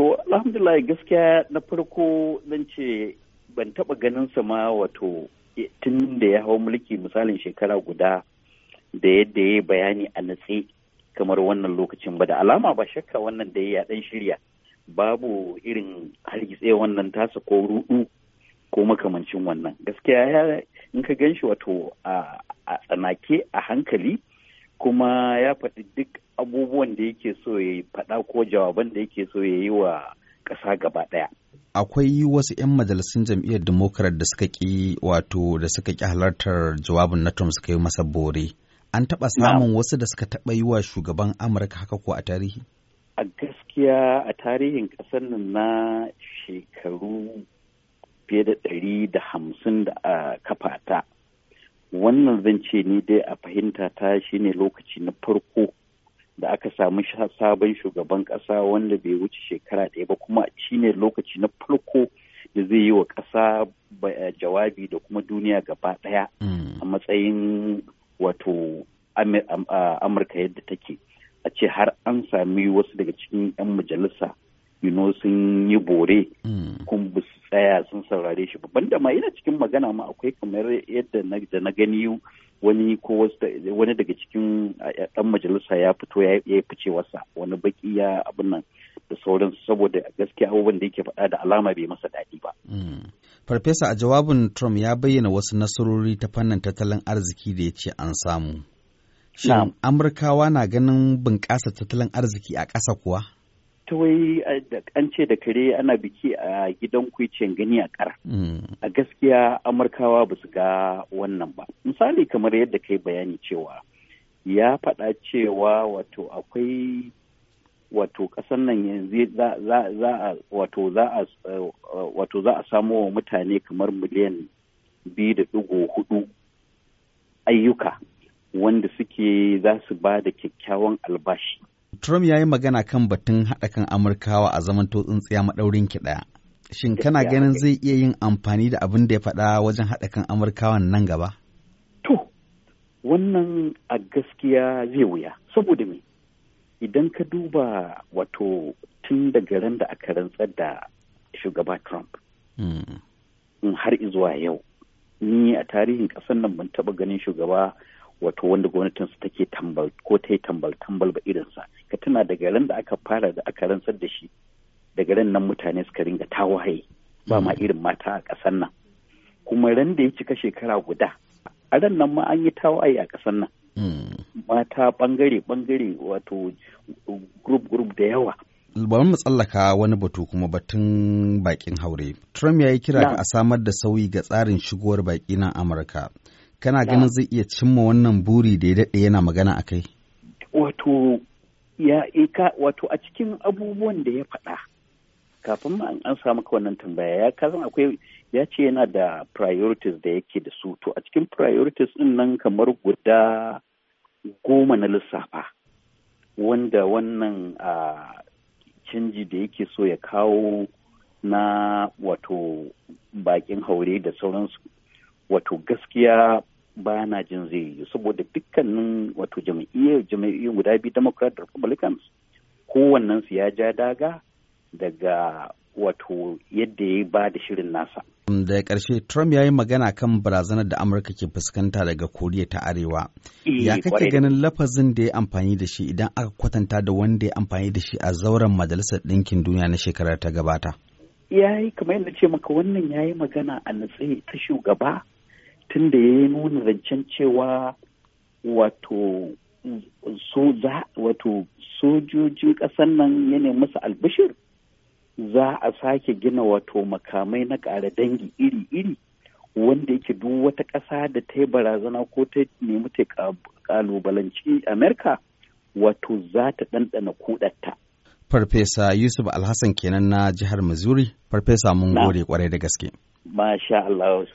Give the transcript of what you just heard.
To alhamdulillah gaskiya na farko zan ce ban taɓa ganin sa ma wato tun da ya hau mulki misalin shekara guda da yadda ya bayani a natse kamar wannan lokacin ba da alama ba shakka wannan da ya dan shirya babu irin hargitse wannan tasa ko rudu ko makamancin wannan gaskiya ya in ka gan shi wato a tsanake a hankali kuma ya faɗi duk abubuwan da yake so ya yi faɗa ko jawaban da yake so ya yi wa ƙasa gaba ɗaya. Akwai wasu 'yan majalisun jam'iyyar Democrat da suka ƙi wato da suka ƙi halartar jawabin na Trump suka yi masa bore. An taɓa samun wasu da suka taɓa yi wa shugaban Amurka haka ko a tarihi? A gaskiya a tarihin ƙasar nan na shekaru fiye da ɗari da hamsin da kafa ta. wannan zan ce ni dai a fahimta ta shine lokaci na farko da aka samu sabon shugaban ƙasa wanda bai wuce shekara ɗaya ba kuma shine lokaci na farko da zai yi wa ƙasa eh, jawabi da kuma duniya gaba ɗaya hmm. a matsayin wato amurka yadda take a ce har an sami wasu daga cikin 'yan majalisa you sun yi bore hmm. tsaya sun saurare shi babban da ma ina cikin magana ma akwai kamar yadda da na gani wani ko wani daga cikin dan majalisa ya fito ya yi ficewarsa wani baki ya abin nan da sauransu saboda gaskiya abubuwan da yake faɗa da alama bai masa daɗi ba. Hmm. Farfesa a jawabin Trump ya bayyana wasu nasarori ta fannin tattalin arziki da ya ce an samu. Shin Amurkawa na ganin bunƙasa tattalin arziki a ƙasa kuwa? ta wai eh, an ce da kare ana biki a gidan kwicin gani a kara. Mm. A gaskiya Amurkawa ba su ga wannan ba. Misali kamar yadda kai bayani cewa ya faɗa cewa wato akwai wato ƙasar nan yanzu eh, wato za a samo wa mutane kamar miliyan biyu da ɗigo hudu ayyuka wanda suke za su ba da kyakkyawan albashi. Trump ya yi magana kan batun haɗa kan Amurkawa a zaman tsintsiya maɗaurin ki ɗaya. Shin kana ganin zai iya yin amfani da abin da ya faɗa wajen haɗa kan Amurkawan nan gaba? To, wannan a gaskiya zai wuya. Saboda me? Idan ka duba wato tun da ran da aka rantsar da shugaba Trump. Hmm. In har izuwa yau, ni a tarihin ƙasar nan ban taɓa ganin shugaba wato wanda gwamnatin su take tambal ko ta yi tambal tambal ba irinsa ka tuna daga ran da aka fara da aka rantsar da shi daga ran nan mutane suka ringa tawaye ba ma mm. irin mata a ƙasar nan kuma ran da ya cika shekara guda a ran nan ma an yi tawaye a ƙasar nan mm. mata bangare bangare wato group group da yawa bari mu tsallaka wani batu kuma batun bakin haure trump ya yi kira ga a samar da sauyi ga tsarin shigowar baki na amurka kana ganin zai iya cimma wannan buri da ya daɗe yana magana a kai? Wato, a cikin abubuwan da ya faɗa, kafin ma an samu ka wannan tambaya ya akwai ya ce yana da priorities da yake da su to a cikin priorities ɗin nan kamar guda goma na lissafa wanda wannan a canji da yake so ya kawo na wato bakin haure da sauransu wato gaskiya ba na jin zai yi saboda dukkanin wato jam'iyyar jam'iyyar guda biyu democrat da republicans kowannensu ya ja daga daga wato yadda ya ba da shirin nasa da karshe trump ya yi magana kan barazanar da amurka ke fuskanta daga koriya ta arewa eh, ya kake ganin lafazin da ya amfani da shi idan aka kwatanta da wanda ya amfani da shi a zauren majalisar ɗinkin duniya na shekarar ta gabata ya yi kamar yadda ce maka wannan ya yi magana a natsayi ta shugaba tun da ya nuna zancen cewa wato wato sojojin ƙasar nan ya nemi musu albishir za a sake gina wato makamai na ƙara dangi iri-iri wanda yake duk wata ƙasa da ta yi barazana ko ta nemi ta ƙalubalanci amerika wato za ta ɗanɗana kudatta. farfesa yusuf alhassan kenan na jihar missouri farfesa mun gode kwarai da gaske. masha allah